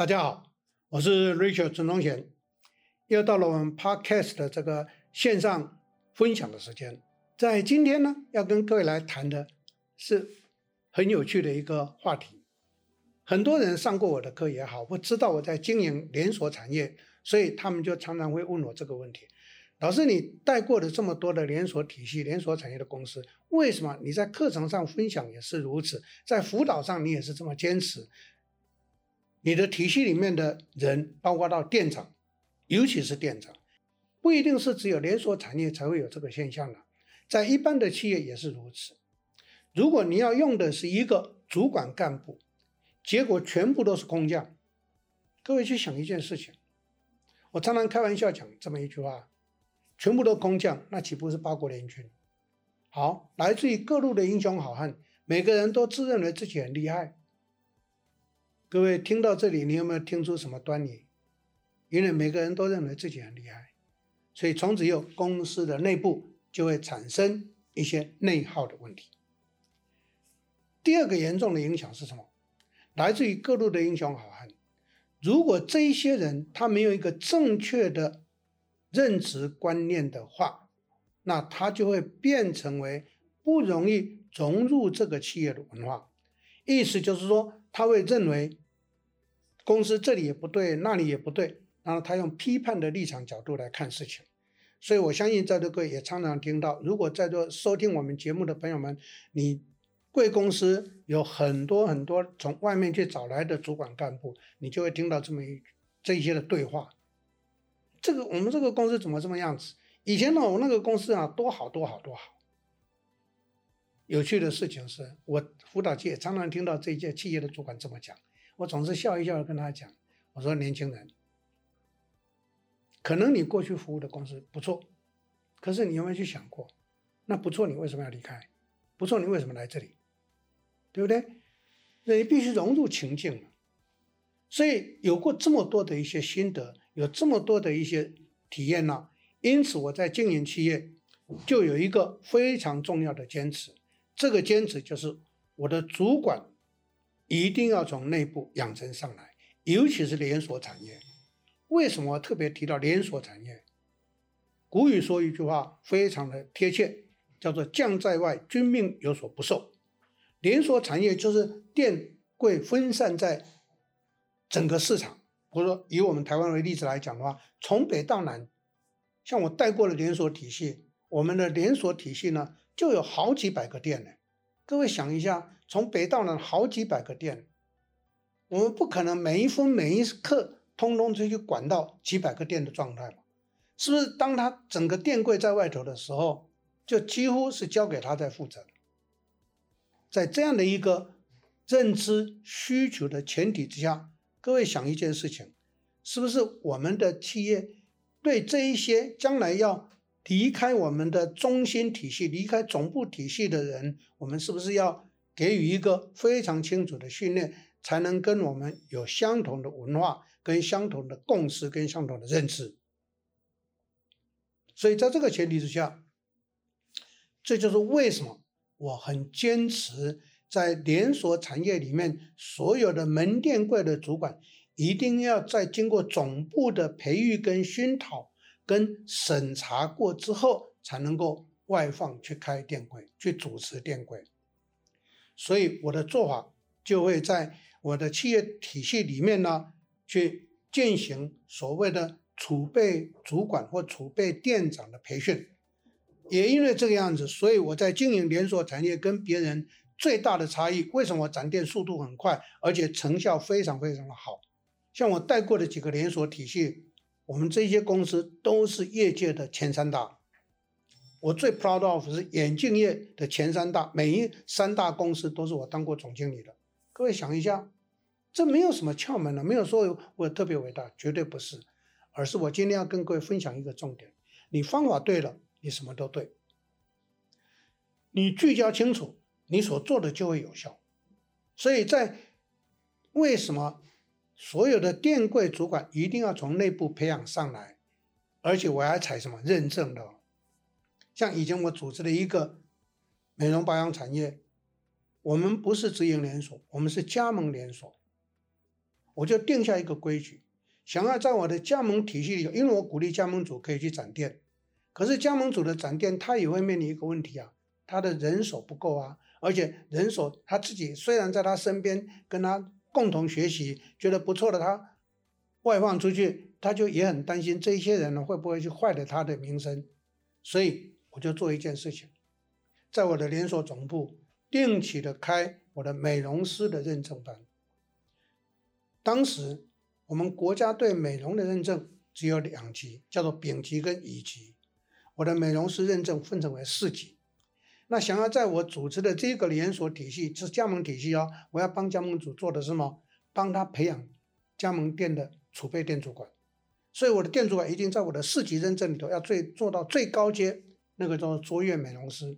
大家好，我是 Rachel 陳宗賢，又到了我們 Podcast 的這個線上分享的時間。在今天呢，要跟各位來談的是很有趣的一個話題。很多人上過我的課也好，我知道我在經營連鎖產業，所以他們就常常會問我這個問題：老師，你帶過的這麼多的連鎖體系、連鎖產業的公司，為什麼你在課程上分享也是如此，在輔導上你也是這麼堅持？你的體系裡面的人，包括到店長，尤其是店長，不一定是只有連鎖產業才會有這個現象的，在一般的企業也是如此。如果你要用的是一個主管幹部，結果全部都是空降，各位去想一件事情，我常常開玩笑講這麼一句話：全部都空降，那豈不是八國聯軍？好，來自於各路的英雄好漢，每個人都自認為自己很厲害。各位聽到這裡，你有沒有聽出什麼端倪？因為每個人都認為自己很厲害，所以從此以後，公司的內部就會產生一些內耗的問題。第二個嚴重的影響是什麼？來自於各路的英雄好漢。如果這一些人他沒有一個正確的認知觀念的話，那他就會變成為不容易融入這個企業的文化。意思就是說，他會認為。公司這裡也不對，那裡也不對，然後他用批判的立場角度來看事情，所以我相信在座各位也常常聽到，如果在座收聽我們節目的朋友們，你貴公司有很多很多從外面去找來的主管幹部，你就會聽到這麼這一些的對話。這個我們這個公司怎麼這麼樣子？以前呢，我那個公司啊，多好多好多好。有趣的事情是我輔導界也常常聽到這些企業的主管這麼講。我總是笑一笑地跟他講：“我說年輕人，可能你過去服務的公司不錯，可是你有沒有去想過，那不錯你為什麼要離開？不錯你為什麼來這裡？對不對？那你必須融入情境嘛。所以有過這麼多的一些心得，有這麼多的一些體驗呢、啊，因此我在經營企業就有一個非常重要的堅持，這個堅持就是我的主管。”一定要從內部養成上來，尤其是連鎖產業。為什麼特別提到連鎖產業？古語說一句話，非常的貼切，叫做“將在外，君命有所不受”。連鎖產業就是店櫃分散在整個市場。我說以我們台灣為例子來講的話，從北到南，像我帶過的連鎖體系，我們的連鎖體系呢就有好幾百個店呢，各位想一下。從北到南，好幾百個店，我們不可能每一分每一刻通通都去管到幾百個店的狀態吧？是不是？當他整個店櫃在外頭的時候，就幾乎是交給他在負責的。在這樣的一個認知需求的前提之下，各位想一件事情，是不是我們的企業對這一些將來要離開我們的中心體系、離開總部體系的人，我們是不是要？給予一個非常清楚的訓練，才能跟我們有相同的文化、跟相同的共識、跟相同的認知。所以，在這個前提之下，這就是為什麼我很堅持，在連鎖產業裡面，所有的門店櫃的主管一定要在經過總部的培育、跟熏陶、跟審查過之後，才能夠外放去開店櫃、去主持店櫃。所以我的做法就會在我的企業體系裡面呢，去進行所謂的儲備主管或儲備店長的培訓。也因為這個樣子，所以我在經營連鎖產業跟別人最大的差異，為什麼我展店速度很快，而且成效非常非常的好？像我帶過的幾個連鎖體系，我們這些公司都是業界的前三大。我最 proud of 是眼鏡業的前三大，每一三大公司都是我當過總經理的。各位想一下，這沒有什麼竅門的，沒有說我特別偉大，絕對不是，而是我今天要跟各位分享一個重點：你方法對了，你什麼都對；你聚焦清楚，你所做的就會有效。所以在為什麼所有的店櫃主管一定要從內部培養上來，而且我還採什麼認證的？像以前我組織的一個美容保養產業，我們不是直營連鎖，我們是加盟連鎖。我就定下一個規矩，想要在我的加盟體系裡，因為我鼓勵加盟主可以去展店，可是加盟主的展店他也會面臨一個問題啊，他的人手不夠啊，而且人手他自己雖然在他身邊跟他共同學習，覺得不錯的他外放出去，他就也很擔心這些人呢會不會去壞了他的名聲，所以。我就做一件事情，在我的連鎖總部定期的開我的美容師的認證班。當時我們國家對美容的認證只有兩級，叫做丙級跟乙級。我的美容師認證分成為四級。那想要在我組織的這個連鎖體系，是加盟體系哦，我要幫加盟主做的是什麼？幫他培養加盟店的儲備店主管。所以我的店主管一定在我的四級認證裡頭要最做到最高階。那個叫做卓越美容師，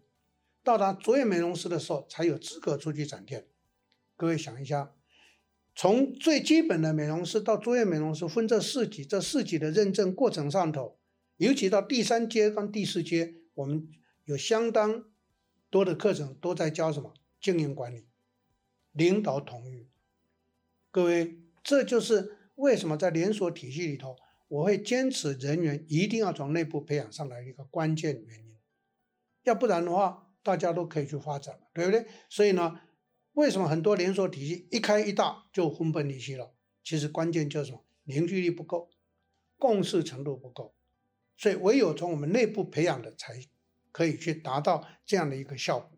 到達卓越美容師的時候，才有資格出去展店。各位想一下，從最基本的美容師到卓越美容師，分這四級，這四級的認證過程上頭，尤其到第三階跟第四階，我們有相當多的課程都在教什麼？經營管理、領導統御。各位，這就是為什麼在連鎖體系裡頭，我會堅持人員一定要從內部培養上來一個關鍵原因。要不然的話，大家都可以去發展，對不對？所以呢，為什麼很多連鎖體系一開一大就分崩離析了？其實關鍵就是什麼？凝聚力不夠，共識程度不夠。所以唯有從我們內部培養的，才可以去達到這樣的一個效果。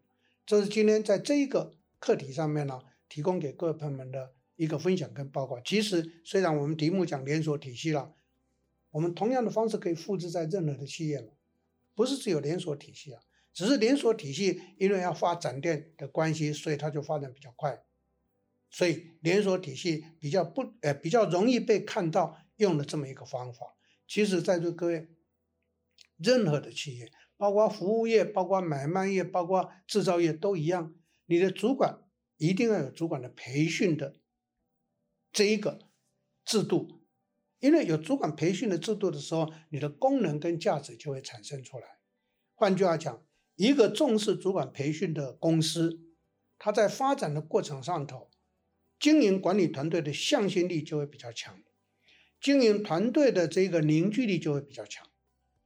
這是今天在這一個課題上面呢，提供給各位朋友們的一個分享跟報告。其實雖然我們題目講連鎖體系了，我們同樣的方式可以複製在任何的企業了，不是只有連鎖體系啊。只是連鎖體系因為要發展店的關係，所以它就發展比較快，所以連鎖體系比較不呃比較容易被看到用了這麼一個方法。其實，在座各位，任何的企業，包括服務業、包括買賣業、包括製造業都一樣，你的主管一定要有主管的培訓的這一個制度，因為有主管培訓的制度的時候，你的功能跟價值就會產生出來。換句話講，一個重視主管培訓的公司，它在發展的過程上頭，經營管理團隊的向心力就會比較強，經營團隊的這個凝聚力就會比較強。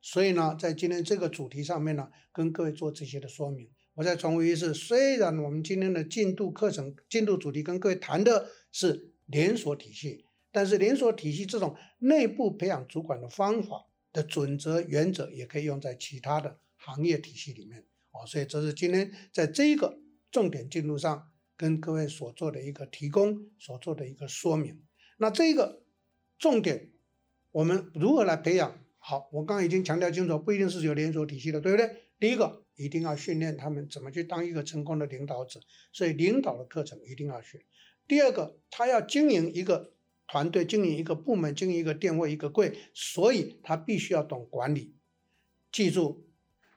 所以呢，在今天這個主題上面呢，跟各位做這些的說明。我再重複一次，雖然我們今天的進度課程，進度主題跟各位談的是連鎖體系，但是連鎖體系這種內部培養主管的方法的準則原則也可以用在其他的。行業體系裡面啊、哦，所以這是今天在這一個重點進度上跟各位所做的一個提供所做的一個說明。那這一個重點，我們如何來培養？好，我剛剛已經強調清楚，不一定是有連鎖體系的，對不對？第一個，一定要訓練他們怎麼去當一個成功的領導者，所以領導的課程一定要學。第二個，他要經營一個團隊，經營一個部門，經營一個店位，一個櫃，所以他必須要懂管理。記住。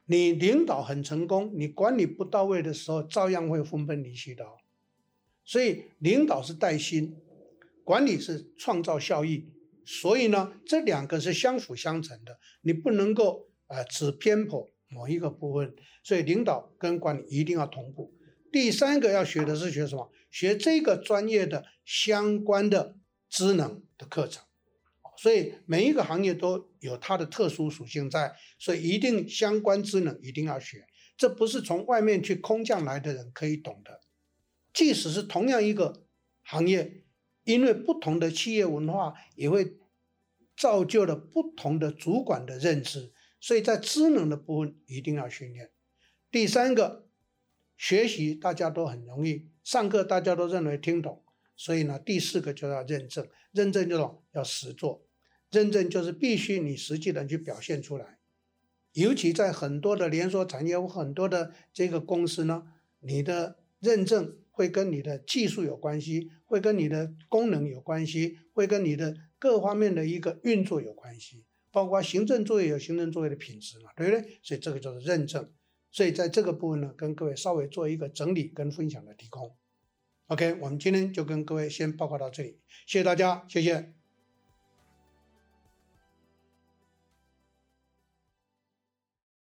你領導很成功，你管理不到位的時候，照樣會分崩離析的。所以領導是帶心，管理是創造效益，所以呢，這兩個是相輔相成的，你不能夠啊、呃、只偏頗某一個部分。所以領導跟管理一定要同步。第三個要學的是學什麼？學這個專業的相關的知能的課程。所以每一個行業都有它的特殊屬性在，所以一定相關知能一定要學，這不是從外面去空降來的人可以懂的。即使是同樣一個行業，因為不同的企業文化，也會造就了不同的主管的認知，所以在知能的部分一定要訓練。第三個，學習大家都很容易，上課大家都認為聽懂，所以呢，第四個就要認證，認證就懂，要實做。認證就是必須你實際的去表現出來，尤其在很多的連鎖產業或很多的這個公司呢，你的認證會跟你的技術有關係，會跟你的功能有關係，會跟你的各方面的一個運作有關係，包括行政作業有行政作業的品質嘛，對不對？所以這個就是認證。所以在這個部分呢，跟各位稍微做一個整理跟分享的提供。OK，我們今天就跟各位先報告到這裡，謝謝大家，謝謝。